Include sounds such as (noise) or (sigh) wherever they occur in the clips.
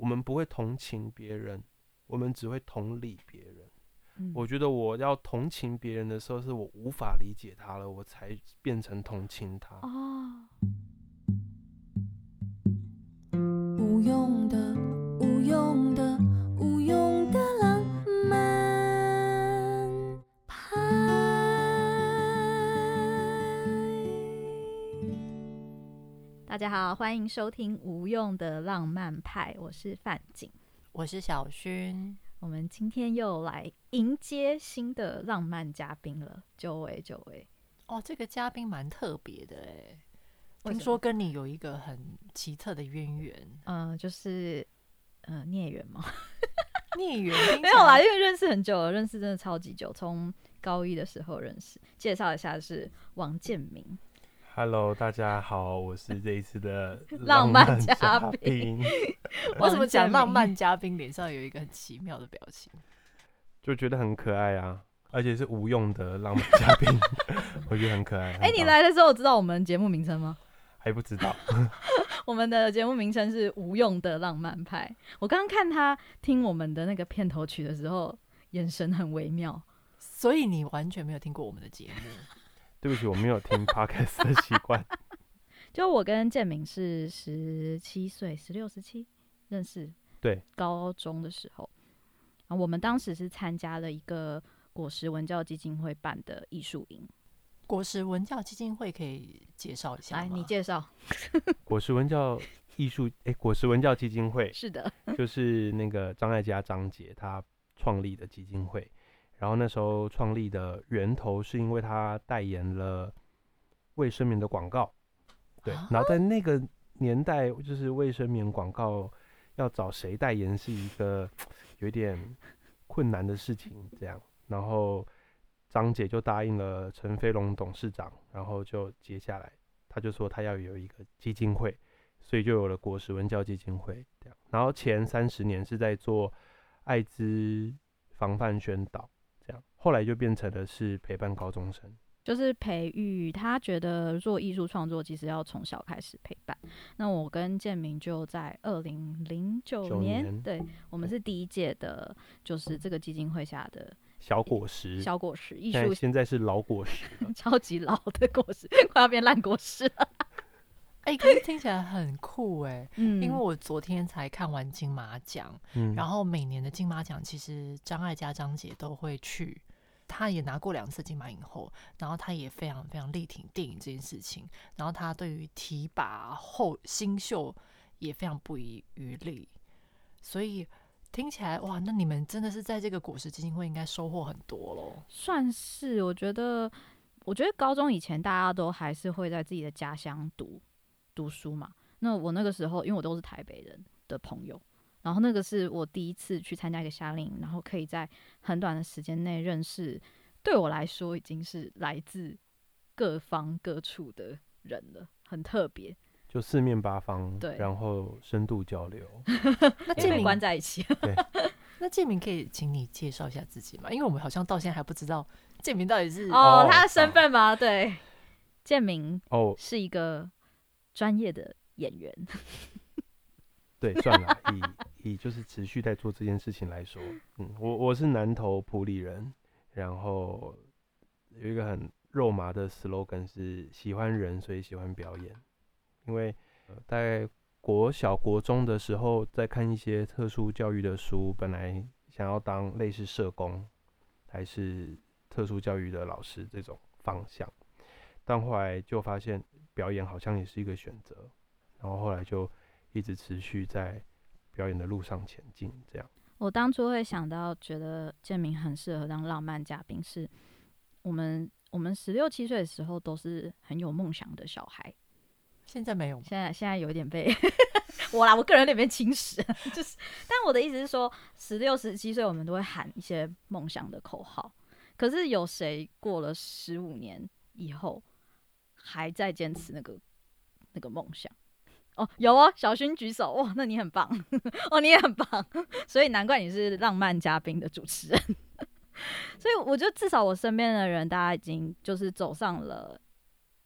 我們不會同情別人，我們只會同理別人。嗯、我覺得我要同情別人的時候，是我無法理解他了，我才變成同情他。哦大家好，歡迎收聽《無用的浪漫派》，我是范景，我是小薰，我們今天又來迎接新的浪漫嘉賓了，久違久違。哦，這個嘉賓蠻特別的哎，聽說跟你有一個很奇特的淵源，嗯、呃，就是嗯孽緣嗎？孽 (laughs) 緣沒有啦，因為認識很久了，認識真的超級久，從高一的時候認識。介紹一下，是王健銘。Hello，大家好，我是這一次的浪漫嘉賓。我為什麼講浪漫嘉賓？臉 (laughs) 上有一個很奇妙的表情，就覺得很可愛啊，而且是無用的浪漫嘉賓， (laughs) (laughs) 我覺得很可愛。哎、欸，棒你來的時候知道我們節目名稱嗎？還不知道。 (laughs) (laughs) 我們的節目名稱是無用的浪漫派。我剛剛看他聽我們的那個片頭曲的時候，眼神很微妙，所以你完全沒有聽過我們的節目。 (laughs) 對不起，我沒有聽 Podcast 的習慣。就我跟健銘是十七歲，十六十七認識，對，高中的時候對啊，我們當時是參加了一個果實文教基金會辦的藝術營。果實文教基金會可以介紹一下嗎？來，你介紹。 (laughs) 果實文教藝術，哎、欸，果實文教基金會是的， (laughs) 就是那個張艾嘉張姐他創立的基金會。然後那時候創立的源頭是因為他代言了衛生棉的廣告，對。啊、然後在那個年代，就是衛生棉廣告要找誰代言是一個有點困難的事情，這樣。然後張姐就答應了陳飛龍董事長，然後就接下來他就說他要有一個基金會，所以就有了果實文教基金會這樣。然後前三十年是在做艾滋防範宣導。後來就變成的是陪伴高中生，就是培育他覺得做藝術創作其實要從小開始陪伴。那我跟健銘就在二零零九年，年對，我們是第一屆的，對就是這個基金會下的小果實，欸、小果實藝術現在是老果實。 (laughs) 超級老的果實，快要變爛果實了。哎、 (laughs) 欸，可是聽起來很酷哎、欸，嗯， (laughs) 因為我昨天才看完金馬獎，嗯，然後每年的金馬獎其實張艾嘉、張姐都會去。他也拿過兩次金馬影後，然後他也非常非常力挺電影這件事情，然後他對於提拔後新秀也非常不遺餘力，所以聽起來哇，那你們真的是在這個果實基金會應該收穫很多咯？算是，我覺得，我覺得高中以前大家都還是會在自己的家鄉讀讀書嘛。那我那個時候，因為我都是台北人的朋友。然後那個是我第一次去參加一個夏令營，然後可以在很短的時間內認識，對我來說已經是來自各方各處的人了，很特別。就四面八方，對，然後深度交流。 (laughs) 那健銘名、哎、關在一起，對。 (laughs) 那健銘可以請你介紹一下自己嗎？因為我們好像到現在還不知道健銘到底是，哦、oh, oh, 他的身份嗎？Oh, 對，健銘哦是一個專業的演員。Oh, (laughs) 對，算了。 (laughs) 以就是持續在做這件事情來說，嗯，我我是南投埔里人，然後有一個很肉麻的 slogan 是喜歡人所以喜歡表演，因為在，呃，國小國中的時候在看一些特殊教育的書，本來想要當類似社工還是特殊教育的老師這種方向，但後來就發現表演好像也是一個選擇，然後後來就一直持續在。表演的路上前進，這樣。我當初會想到，覺得健銘很適合當浪漫嘉賓，是我們，我們十六七歲的時候都是很有夢想的小孩。現在沒有，現在現在有點被 (laughs) 我啦，我個人那邊被侵蝕， (laughs) 就是。但我的意思是說，十六十七歲我們都會喊一些夢想的口號，可是有誰過了十五年以後還在堅持那個那個夢想？哦，有哦，小薰舉手，哇、哦，那你很棒呵呵哦，你也很棒，所以難怪你是浪漫嘉賓的主持人。 (laughs) 所以，我覺得至少我身邊的人，大家已經就是走上了，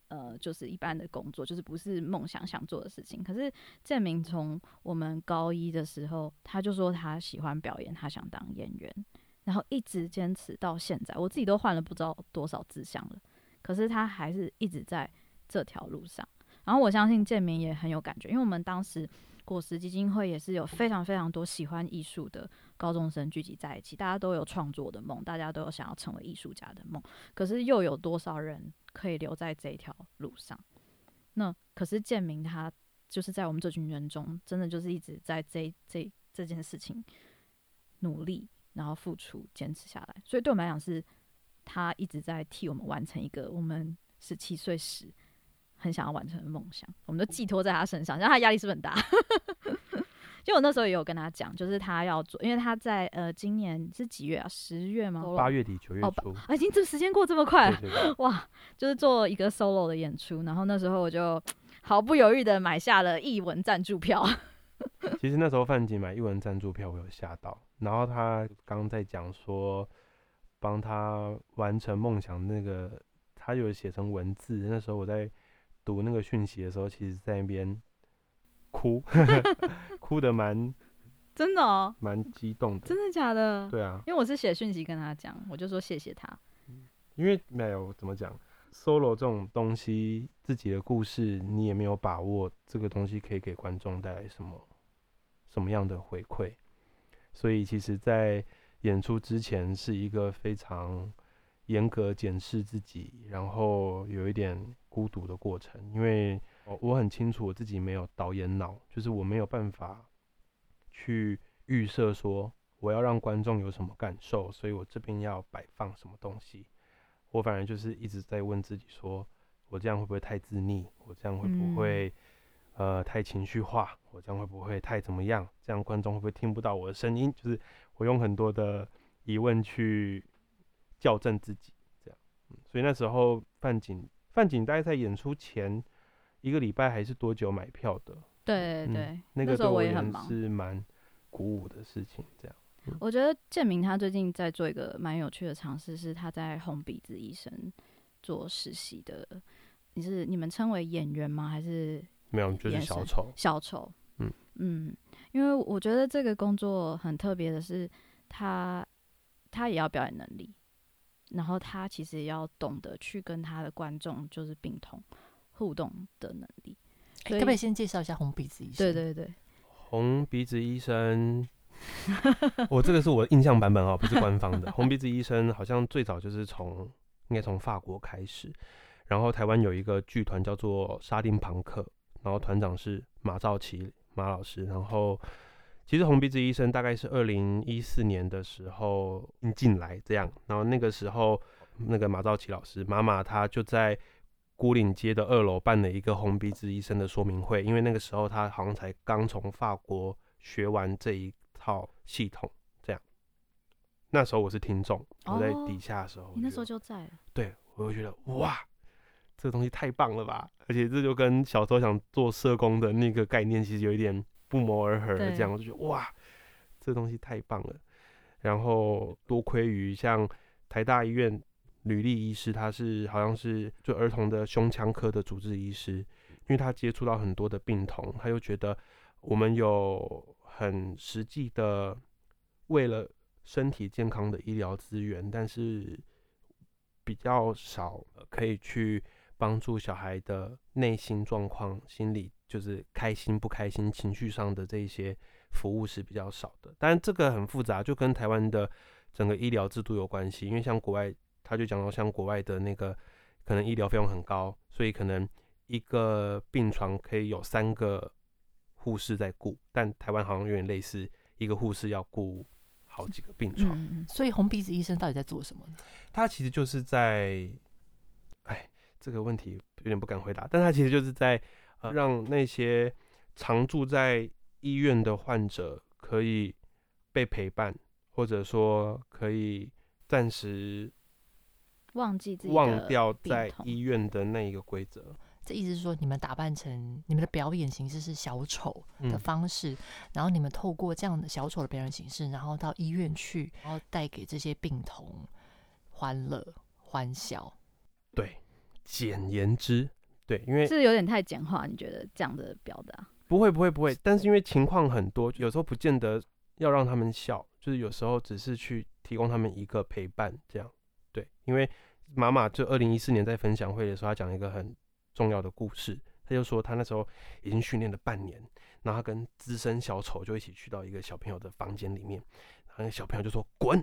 呃，就是一般的工作，就是不是夢想想做的事情。可是健銘從我們高一的時候，他就說他喜歡表演，他想當演員，然後一直堅持到現在，我自己都換了不知道多少志向了，可是他還是一直在這條路上。然後我相信健銘也很有感覺，因為我們當時果實基金會也是有非常非常多喜歡藝術的高中生聚集在一起，大家都有創作的夢，大家都有想要成為藝術家的夢。可是又有多少人可以留在這一條路上？那可是健銘他就是在我們這群人中，真的就是一直在這這這件事情努力，然後付出，堅持下來。所以對我們來講，是他一直在替我們完成一個我們十七歲時。很想要完成的夢想，我們都寄托在他身上，然後他壓力是很大。就 (laughs) 我那時候也有跟他講，就是他要做，因為他在呃今年是幾月啊？十月嗎？八月底九月初，啊、哦，已經、哎、這時間過這麼快、啊， (laughs) 哇！就是做了一個 solo 的演出，然後那時候我就毫不猶豫的買下了一文贊助票。 (laughs) 其實那時候 FainJin 買一文贊助票，我有嚇到。然後他剛剛在講說，幫他完成夢想那個，他有寫成文字。那時候我在。讀那個訊息的時候，其實在那邊哭， (laughs) (laughs) 哭得蠻真的哦，蠻激動的，真的假的？對啊，因為我是寫訊息跟他講，我就說謝謝他。因為沒有、哎、怎麼講 solo 這種東西，自己的故事你也沒有把握，這個東西可以給觀眾帶來什麼什麼樣的回饋，所以其實，在演出之前是一個非常嚴格檢視自己，然後有一點孤獨的過程，因為我很清楚我自己沒有導演腦，就是我沒有辦法去預設說我要讓觀眾有什麼感受，所以我這邊要擺放什麼東西，我反而就是一直在問自己說，我這樣會不會太自溺？我這樣會不會、嗯、呃太情緒化？我這樣會不會太怎麼樣？這樣觀眾會不會聽不到我的聲音？就是我用很多的疑問去。校正自己，這樣，所以那時候范景范景大概在演出前一個禮拜還是多久買票的？對，對對，嗯、那個那時候我也很忙，是蠻鼓舞的事情。這樣，嗯、我覺得健銘他最近在做一個蠻有趣的嘗試，是他在紅鼻子醫生做實習的。你是你們稱為演員嗎？還是沒有，就是小丑。小丑，嗯嗯，因為我覺得這個工作很特別的是他，他他也要表演能力。然後他其實要懂得去跟他的觀眾就是病童互動的能力，可、可不可以先介紹一下紅鼻子醫生？對對對，紅鼻子醫生，我、哦、這個是我印象版本哦，不是官方的。 (laughs) 紅鼻子醫生好像最早就是從應該從法國開始，然後台灣有一個劇團叫做沙丁龐克，然後團長是馬兆琪馬老師，然後。其實紅鼻子醫生大概是二零一四年的時候進來這樣，然後那個時候那個馬照琪老師媽媽她就在牯嶺街的二樓辦了一個紅鼻子醫生的說明會，因為那個時候她好像才剛從法國學完這一套系統這樣。那時候我是聽眾，我、就是、在底下的時候、哦，你那時候就在了，對我就覺得哇，這個東西太棒了吧！而且這就跟小時候想做社工的那個概念其實有一點。不謀而合的這樣，我對就覺得哇，這東西太棒了。然後多虧於像台大醫院呂立醫師，他是好像是做兒童的胸腔科的主治醫師，因為他接觸到很多的病童，他就覺得我們有很實際的為了身體健康的醫療資源，但是比較少可以去幫助小孩的內心狀況、心理。就是開心不開心，情緒上的這一些服務是比較少的。當然，這個很複雜，就跟台灣的整個醫療制度有關係。因為像國外，他就講到像國外的那個，可能醫療費用很高，所以可能一個病床可以有三個護士在顧。但台灣好像有點類似，一個護士要顧好幾個病床。所以紅鼻子醫生到底在做什麼呢？他其實就是在，哎，這個問題有點不敢回答。但他其實就是在。讓那些常住在醫院的患者可以被陪伴，或者說可以暫時忘記自己，忘掉在醫院的那一個規則。這意思是說，你們打扮成你們的表演形式是小丑的方式，嗯、然後你們透過這樣的小丑的表演形式，然後到醫院去，然後帶給這些病童歡樂、歡笑。對，簡言之。對，因為是有點太簡化，你覺得這樣的表達？不會不會不會，但是因為情況很多，有時候不見得要讓他們笑，就是有時候只是去提供他們一個陪伴，這樣。對，因為媽媽就二零一四年在分享會的時候，她講一個很重要的故事，她就說她那時候已經訓練了半年，然後她跟資深小丑就一起去到一個小朋友的房間裡面，然後那個小朋友就說滾，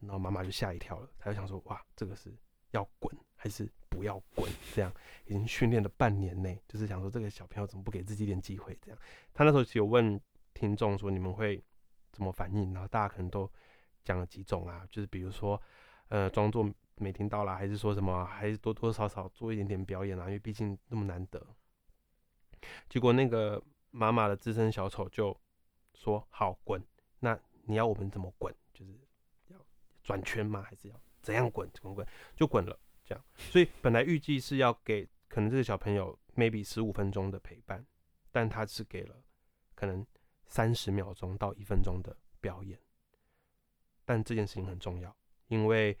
然後媽媽就嚇一跳了，她就想說哇，這個是要滾。還是不要滾，這樣已經訓練了半年內。就是想說，這個小朋友怎麼不給自己一點機會？這樣，他那時候其實有問聽眾說：“你們會怎麼反應？”然後大家可能都講了幾種啊，就是比如說，呃，裝作沒聽到啦，還是說什麼，還是多多少少做一點點表演啊，因為畢竟那麼難得。結果那個媽媽的資深小丑就說：“好滾，那你要我們怎麼滾？就是要轉圈嗎？還是要怎樣滾？滾滾就滾了。”這樣， (laughs) 所以本來預計是要給可能這個小朋友 maybe 十五分鐘的陪伴，但他只給了可能三十秒鐘到一分鐘的表演。但這件事情很重要，因為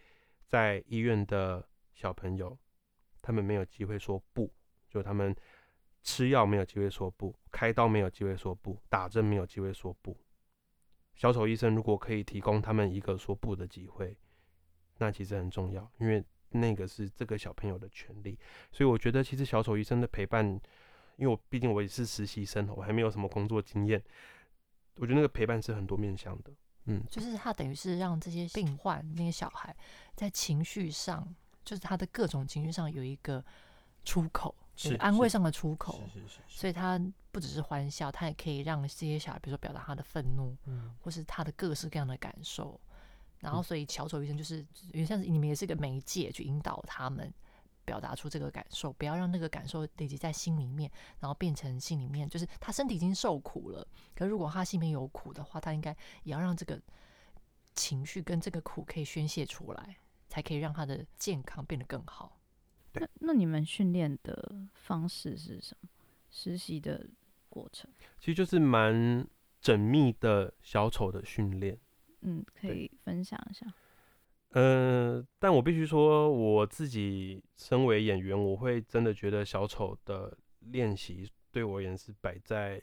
在醫院的小朋友，他們沒有機會說不，就他們吃藥沒有機會說不，開刀沒有機會說不，打針沒有機會說不。小丑醫生如果可以提供他們一個說不的機會，那其實很重要，因為。那個是這個小朋友的權利，所以我覺得其實小丑醫生的陪伴，因為我畢竟我也是實習生，我還沒有什麼工作經驗，我覺得那個陪伴是很多面向的，嗯，就是他等於是讓這些病患，那些小孩在情緒上，就是他的各種情緒上有一個出口，是就是安慰上的出口，所以他不只是歡笑，他也可以讓這些小孩，比如說表達他的憤怒，嗯，或是他的各式各樣的感受。然後，所以小丑醫生就是，因為像是你們也是個媒介，去引導他們表達出這個感受，不要讓那個感受累積在心裡面，然後變成心裡面。就是他身體已經受苦了，可是如果他心裡面有苦的話，他應該也要讓這個情緒跟這個苦可以宣泄出來，才可以讓他的健康變得更好。對那那你們訓練的方式是什麼？實習的過程其實就是蠻縝密的小丑的訓練。嗯，可以分享一下。呃，但我必須說，我自己身為演員，我會真的覺得小丑的練習對我而言是擺在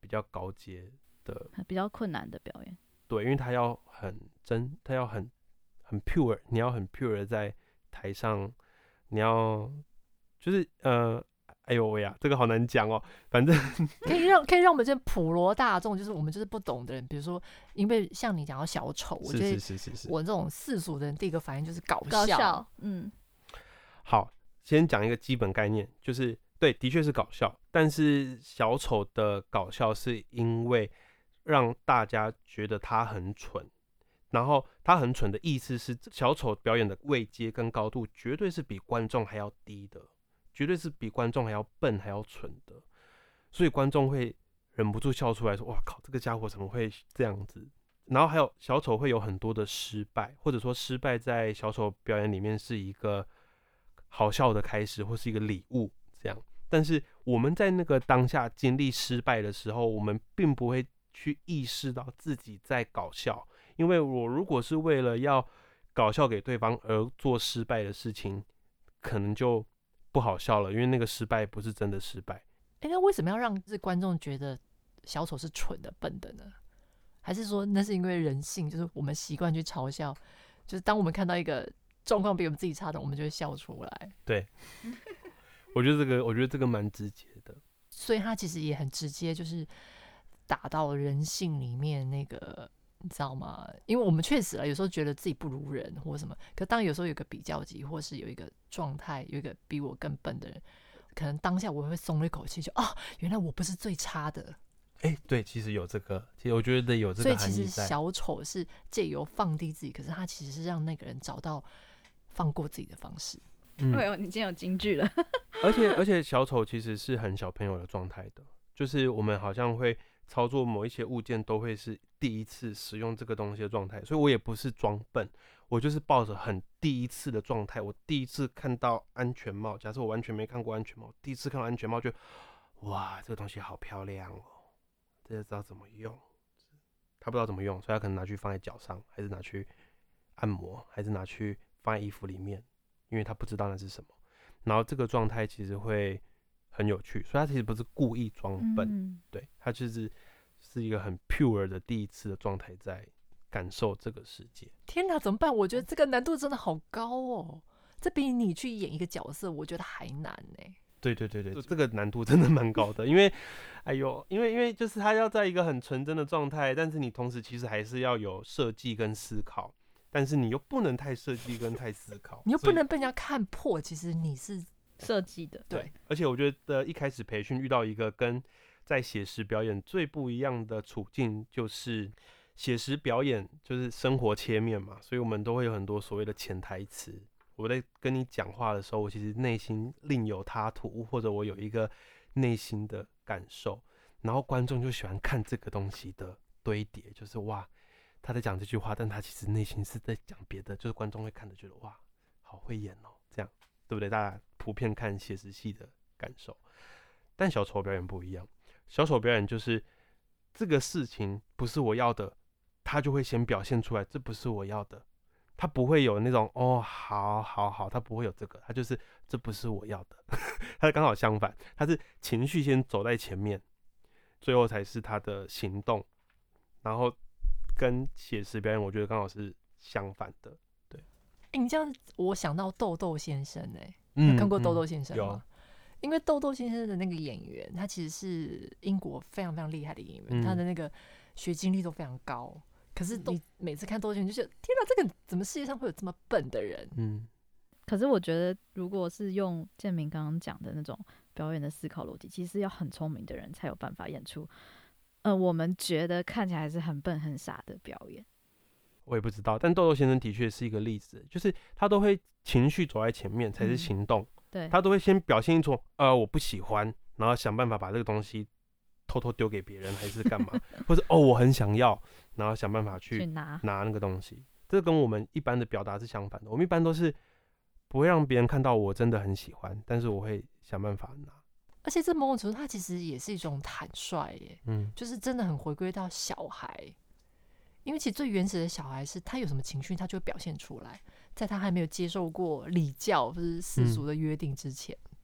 比較高階的、比較困難的表演。對，因為他要很真，他要很很 pure，你要很 pure 在台上，你要就是呃。哎呦喂呀、啊，這個好難講哦。反正 (laughs) (laughs) 可以讓可以讓我們這些普羅大眾，就是我們就是不懂的人，比如說，因為像你講到小丑，我覺得我這種世俗的人，第一個反應就是搞笑。笑嗯，好，先講一個基本概念，就是對，的確是搞笑。但是小丑的搞笑是因為讓大家覺得他很蠢，然後他很蠢的意思是，小丑表演的位階跟高度絕對是比觀眾還要低的。絕對是比觀眾還要笨還要蠢的，所以觀眾會忍不住笑出來說：“哇靠，這個傢伙怎麼會這樣子？”然後還有小丑會有很多的失敗，或者說失敗在小丑表演裡面是一個好笑的開始或是一個禮物這樣。但是我們在那個當下經歷失敗的時候，我們並不會去意識到自己在搞笑，因為我如果是為了要搞笑給對方而做失敗的事情，可能就不好笑了，因為那個失敗不是真的失敗。哎、欸，那為什麼要讓這觀眾覺得小丑是蠢的、笨的呢？還是說那是因為人性，就是我們習慣去嘲笑，就是當我們看到一個狀況比我們自己差的，我們就會笑出來。對， (laughs) 我覺得這個，我覺得這個蠻直接的。所以他其實也很直接，就是打到人性裡面那個。你知道嗎？因為我們確實啊，有時候覺得自己不如人或者什麼，可當然有時候有個比較級，或是有一個狀態，有一個比我更笨的人，可能當下我會鬆了一口氣，就哦、啊，原來我不是最差的。哎、欸，對，其實有這個，其實我覺得有這個很。所以其實小丑是借由放低自己，可是他其實是讓那個人找到放過自己的方式。對哦、嗯，你今天有金句了。而且而且，小丑其實是很小朋友的狀態的，就是我們好像會。操作某一些物件都會是第一次使用這個東西的狀態，所以我也不是裝笨，我就是抱着很第一次的狀態。我第一次看到安全帽，假設我完全沒看過安全帽，第一次看到安全帽就，哇，這個東西好漂亮哦、喔，這知道怎麼用？他不知道怎麼用，所以他可能拿去放在腳上，還是拿去按摩，還是拿去放在衣服裡面，因為他不知道那是什麼。然後這個狀態其實會。很有趣，所以他其實不是故意裝笨，嗯、對他就是是一個很 pure 的第一次的狀態，在感受這個世界。天哪，怎麼辦？我覺得這個難度真的好高哦，這比你去演一個角色，我覺得還難呢。對對對對，就這個難度真的蠻高的， (laughs) 因為，哎呦，因為因為就是他要在一個很純真的狀態，但是你同時其實還是要有設計跟思考，但是你又不能太設計跟太思考， (laughs) 你又不能被人家看破，所以，其實你是。設計的對，對而且我覺得一開始培訓遇到一個跟在寫實表演最不一樣的處境，就是寫實表演就是生活切面嘛，所以我們都會有很多所謂的潛台詞。我在跟你講話的時候，我其實內心另有他圖，或者我有一個內心的感受，然後觀眾就喜歡看這個東西的堆疊，就是哇，他在講這句話，但他其實內心是在講別的，就是觀眾會看着覺得哇，好會演哦、喔，這樣。對不對？大家普遍看寫實戲的感受，但小丑表演不一樣。小丑表演就是這個事情不是我要的，他就會先表現出來，這不是我要的，他不會有那種哦，好好好，他不會有這個，他就是這不是我要的， (laughs) 他剛好相反，他是情緒先走在前面，最後才是他的行動，然後跟寫實表演，我覺得剛好是相反的。你這樣，我想到豆豆先生哎、欸，嗯，看過豆豆先生嗎？啊、因為豆豆先生的那個演員，他其實是英國非常非常厲害的演員，嗯、他的那個學經歷都非常高。可是你每次看豆豆先生，就覺得天哪、啊，這個怎麼世界上會有這麼笨的人？嗯，可是我覺得，如果是用健銘剛剛講的那種表演的思考邏輯，其實要很聰明的人才有辦法演出。呃，我們覺得看起來是很笨很傻的表演。我也不知道，但豆豆先生的確是一個例子，就是他都會情緒走在前面，嗯，才是行動，對他都會先表現一種呃我不喜歡，然後想辦法把這個東西偷偷丟給別人 (laughs) 還是幹嘛，或是哦我很想要，然後想辦法去拿拿那個東西，這跟我們一般的表達是相反的，我們一般都是不會讓別人看到我真的很喜歡，但是我會想辦法拿，而且這某種程度它其實也是一種坦率耶，嗯，就是真的很回歸到小孩。因為其實最原始的小孩是他有什麼情緒，他就會表現出來，在他還沒有接受過禮教或者世俗的約定之前，嗯、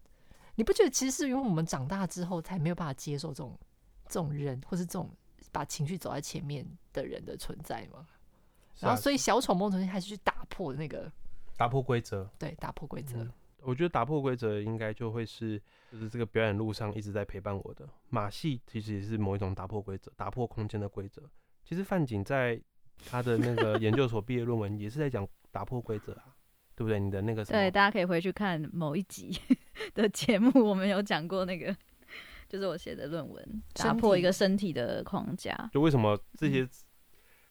你不覺得其實是因為我們長大之後才沒有辦法接受這種這種人，或是這種把情緒走在前面的人的存在嗎？啊、然後，所以小丑夢曾經還是去打破那個打破規則，對，打破規則、嗯。我覺得打破規則應該就會是就是這個表演路上一直在陪伴我的馬戲，其實也是某一種打破規則、打破空間的規則。其實范景在他的那個研究所畢業論文也是在講打破規則啊， (laughs) 對不對？你的那個什麼？對，大家可以回去看某一集的節目，我們有講過那個，就是我寫的論文，打破一個身體的框架。體就為什麼這些、嗯、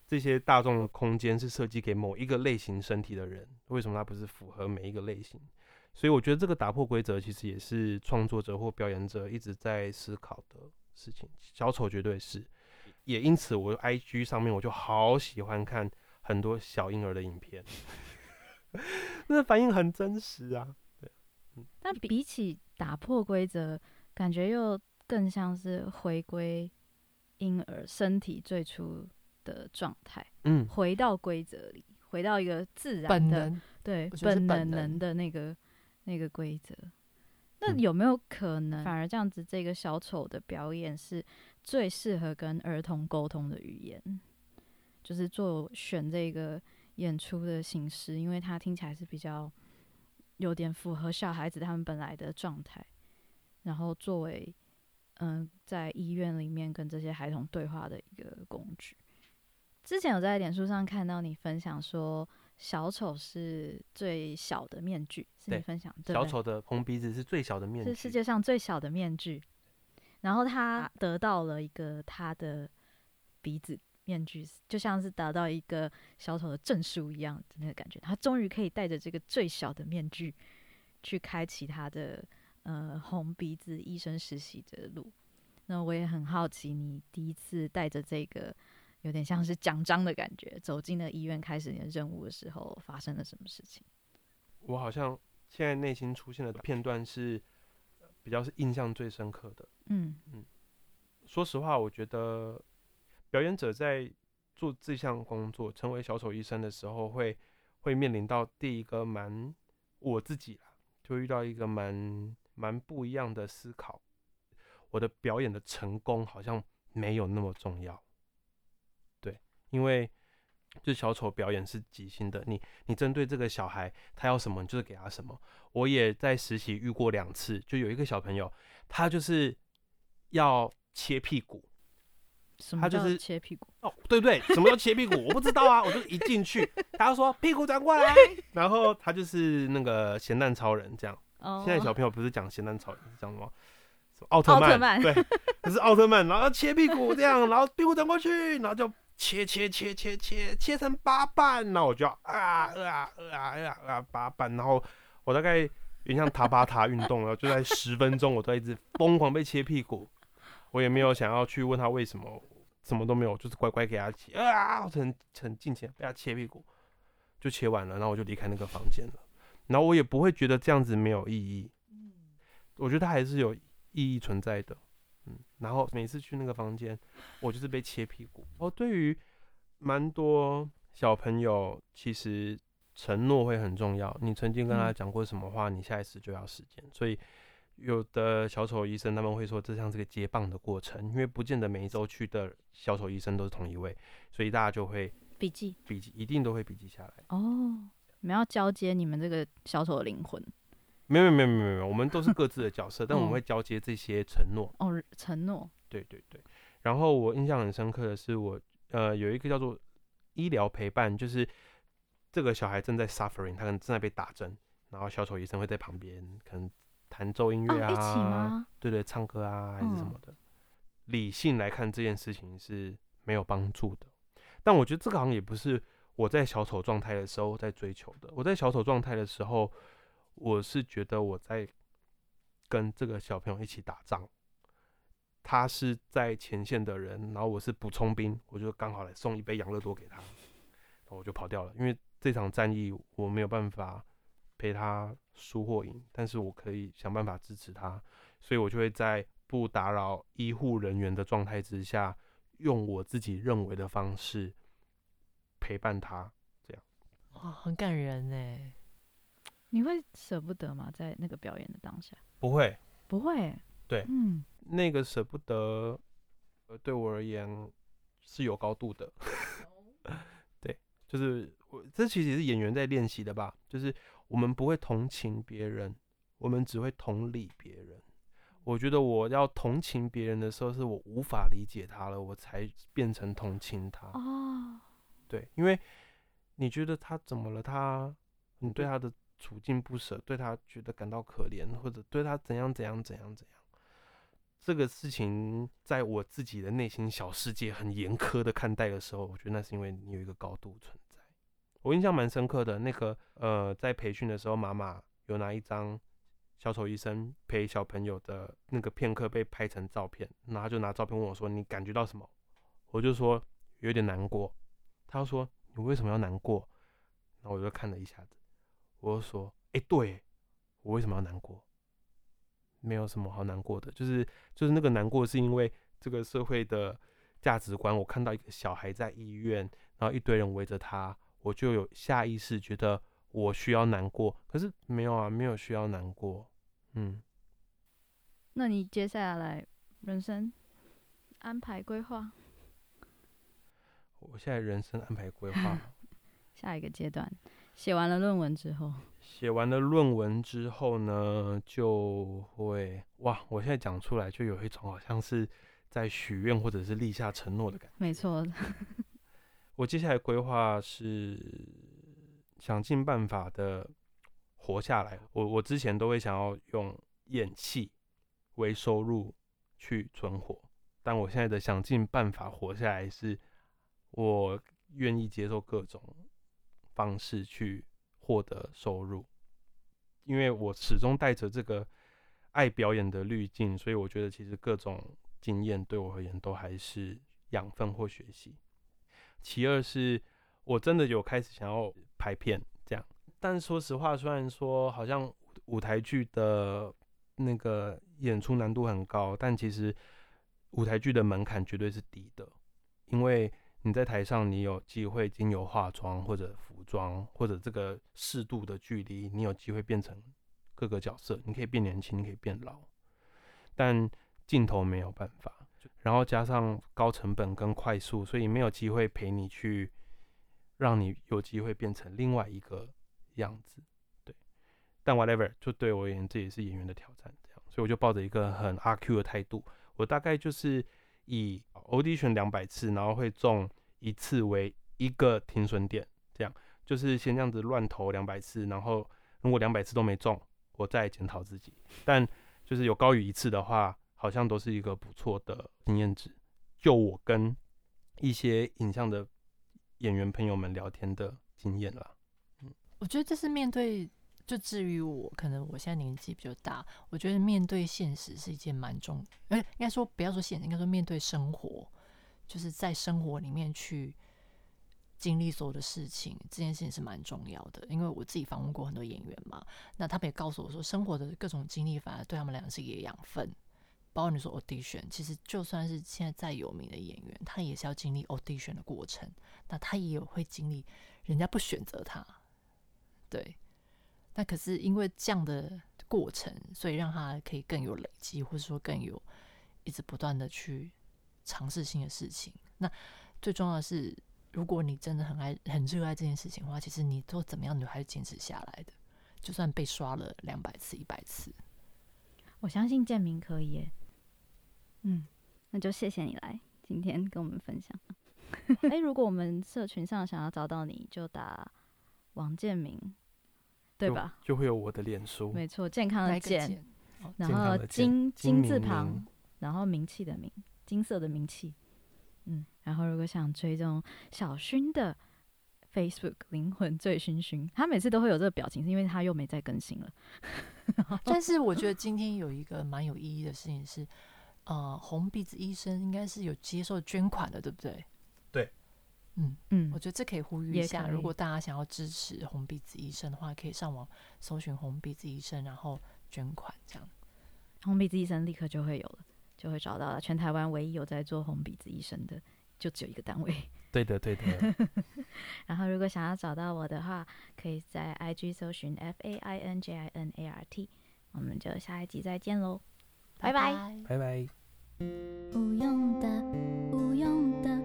這些大眾的空間是設計給某一個類型身體的人？為什麼它不是符合每一個類型？所以我覺得這個打破規則其實也是創作者或表演者一直在思考的事情。小丑絕對是。也因此，我 IG 上面我就好喜歡看很多小嬰兒的影片， (laughs) 那反應很真實啊。對、嗯，但比起打破規則，感覺又更像是回歸嬰兒身體最初的狀態。嗯，回到規則裡，回到一個自然的，本能，對，本能，本能的那個那個規則。那有沒有可能，反而這樣子，這個小丑的表演是？最適合跟兒童溝通的語言，就是做選這個演出的形式，因為它聽起來是比較有點符合小孩子他們本來的狀態。然後作為嗯，在醫院裡面跟這些孩童對話的一個工具。之前有在臉書上看到你分享說，小丑是最小的面具。是你分享對對對，小丑的紅鼻子是最小的面具，是世界上最小的面具。然後他得到了一個他的鼻子面具，就像是得到一個小丑的證書一樣的感覺。他終於可以戴着這個最小的面具，去開啟他的呃紅鼻子醫生實習的路。那我也很好奇，你第一次戴着這個有點像是獎章的感覺，走進了醫院開始你的任務的時候，發生了什麼事情？我好像現在內心出現的片段是比較是印象最深刻的。嗯嗯，說實話，我覺得表演者在做這項工作，成為小丑醫生的時候，會會面臨到第一個蠻我自己啦、啊，就遇到一個蠻蠻不一樣的思考。我的表演的成功好像沒有那麼重要，對，因為就小丑表演是即興的，你你針對這個小孩，他要什麼，你就是給他什麼。我也在實習遇過兩次，就有一個小朋友，他就是。要切屁股，什麼？他就是切屁股哦，對不對，對？什麼叫切屁股？ (laughs) 我不知道啊，我就一進去，他就說屁股轉過來， (laughs) 然後他就是那個鹹蛋超人這樣。哦，現在小朋友不是講鹹蛋超人是講什麼奧特曼？對，他是奧特曼，然後要切屁股這樣，然後屁股轉過去，然後就切切切切切、切，切成八瓣，那我就要啊啊、啊啊啊啊啊啊八瓣，然後我大概有點像塔巴塔運動，然後 (laughs) 就在十分鐘，我都在一直瘋狂被切屁股。我也沒有想要去問他為什麼，什麼都沒有，就是乖乖給他切啊，我曾曾經前被他切屁股，就切完了，然後我就離開那個房間了。然後我也不會覺得這樣子沒有意義，嗯，我覺得他還是有意義存在的，嗯。然後每次去那個房間，我就是被切屁股。然後對於蠻多小朋友，其實承諾會很重要。你曾經跟他講過什麼話，你下一次就要實踐。所以。有的小丑醫生他們會說，這像這個接棒的過程，因為不見得每一周去的小丑醫生都是同一位，所以大家就會筆記筆記，筆記一定都會筆記下來哦。我們要交接你們這個小丑的靈魂？沒有沒有沒有沒有沒有，我們都是各自的角色， (laughs) 但我們會交接這些承諾哦，承諾、嗯。對對對。然後我印象很深刻的是我，我呃有一個叫做醫療陪伴，就是這個小孩正在 suffering，他可能正在被打針，然後小丑醫生會在旁邊可能。彈奏音樂啊，對對，唱歌啊，還是什麼的。理性來看這件事情是沒有幫助的，但我覺得這個好像也不是我在小丑狀態的時候在追求的。我在小丑狀態的時候，我是覺得我在跟這個小朋友一起打仗，他是在前線的人，然後我是補充兵，我就剛好來送一杯養樂多給他，然後我就跑掉了，因為這場戰役我沒有辦法，陪他輸或贏，但是我可以想辦法支持他，所以我就會在不打擾醫護人員的狀態之下，用我自己認為的方式陪伴他。這樣哇，很感人呢、欸。你會捨不得嗎？在那個表演的當下，不會，不會。對，嗯，那個捨不得，對我而言是有高度的。 (laughs) 對，就是我這其實也是演員在練習的吧，就是。我們不會同情別人，我們只會同理別人。我覺得我要同情別人的時候，是我無法理解他了，我才變成同情他。對，因為你覺得他怎麼了？他，你對他的處境不捨，對他覺得感到可憐，或者對他怎樣，怎樣怎樣怎樣怎樣，這個事情在我自己的內心小世界很嚴苛的看待的時候，我覺得那是因為你有一個高度存在。我印象蠻深刻的，那個呃，在培訓的時候，媽媽有拿一張小丑醫生陪小朋友的那個片刻被拍成照片，然後她就拿照片問我說，說你感覺到什麼？我就說有點難過。她說你為什麼要難過？然後我就看了一下子，我就說，誒、欸，對，我為什麼要難過？沒有什麼好難過的，就是就是那個難過是因為這個社會的價值觀，我看到一個小孩在醫院，然後一堆人圍着他。我就有下意識覺得我需要難過，可是沒有啊，沒有需要難過。嗯，那你接下來人生安排規劃？我現在人生安排規劃， (laughs) 下一個階段，寫完了論文之後，寫完了論文之後呢，就會哇！我現在講出來就有一種好像是在許願或者是立下承諾的感覺。沒錯的。 (laughs) 我接下來規劃是想盡辦法的活下來我。我我之前都會想要用演戲為收入去存活，但我現在的想盡辦法活下來是，我願意接受各種方式去獲得收入，因為我始終帶着這個愛表演的濾鏡，所以我覺得其實各種經驗對我而言都還是養分或學習。其二是我真的有開始想要拍片，這樣。但說實話，雖然說好像舞台劇的那個演出難度很高，但其實舞台劇的門檻絕對是低的，因為你在台上你有機會經由化妝或者服裝或者這個適度的距離，你有機會變成各個角色，你可以變年輕，你可以變老，但鏡頭沒有辦法。然後加上高成本跟快速，所以沒有機會陪你去，讓你有機會變成另外一個樣子，對。但 whatever，就對我而言這也是演員的挑戰，這樣。所以我就抱着一個很阿 Q 的態度，我大概就是以 audition 兩百次，然後會中一次為一個停損點，這樣。就是先這樣子亂投兩百次，然後如果兩百次都沒中，我再檢討自己。但就是有高於一次的話。好像都是一個不錯的經驗值，就我跟一些影像的演員朋友們聊天的經驗了。嗯，我覺得這是面對就至於我，可能我現在年紀比較大，我覺得面對現實是一件蠻重，哎，應該說不要說現實，應該說面對生活，就是在生活裡面去經歷所有的事情，這件事情是蠻重要的。因為我自己訪問過很多演員嘛，那他們也告訴我說，生活的各種經歷反而對他們兩個是一個養分。包括你說 audition，其實就算是現在再有名的演員，他也是要經歷 audition 的過程。那他也有會經歷人家不選擇他，對。那可是因為這樣的過程，所以讓他可以更有累積，或者說更有一直不斷的去嘗試新的事情。那最重要的是，如果你真的很愛、很熱愛這件事情的話，其實你做怎麼樣，你還是堅持下來的。就算被刷了兩百次、一百次，我相信健銘可以。嗯，那就謝謝你來今天跟我們分享。哎、 (laughs) 欸，如果我們社群上想要找到你，就打王健銘， (laughs) 對吧？就，就會有我的臉書。沒錯，健康的健，健然後金金，金字旁，明明然後名氣的名，金色的名氣。嗯，然後如果想追蹤小薰的 Facebook，靈魂醉醺薰，他每次都會有這個表情，是因為他又沒再更新了。 (laughs) 但是我覺得今天有一個蠻有意義的事情是。啊、呃，紅鼻子醫生應該是有接受捐款的，對不對？對，嗯嗯，嗯，我覺得這可以呼籲一下，如果大家想要支持紅鼻子醫生的話，可以上網搜尋紅鼻子醫生，然後捐款，這樣紅鼻子醫生立刻就會有了，就會找到了。全台灣唯一有在做紅鼻子醫生的，就只有一個單位。嗯、對的，對的。 (laughs) 然後如果想要找到我的話，可以在 IG 搜尋 f a i n j i n a r t，我們就下一集再見嘍，拜拜，拜拜。不用的，不用的。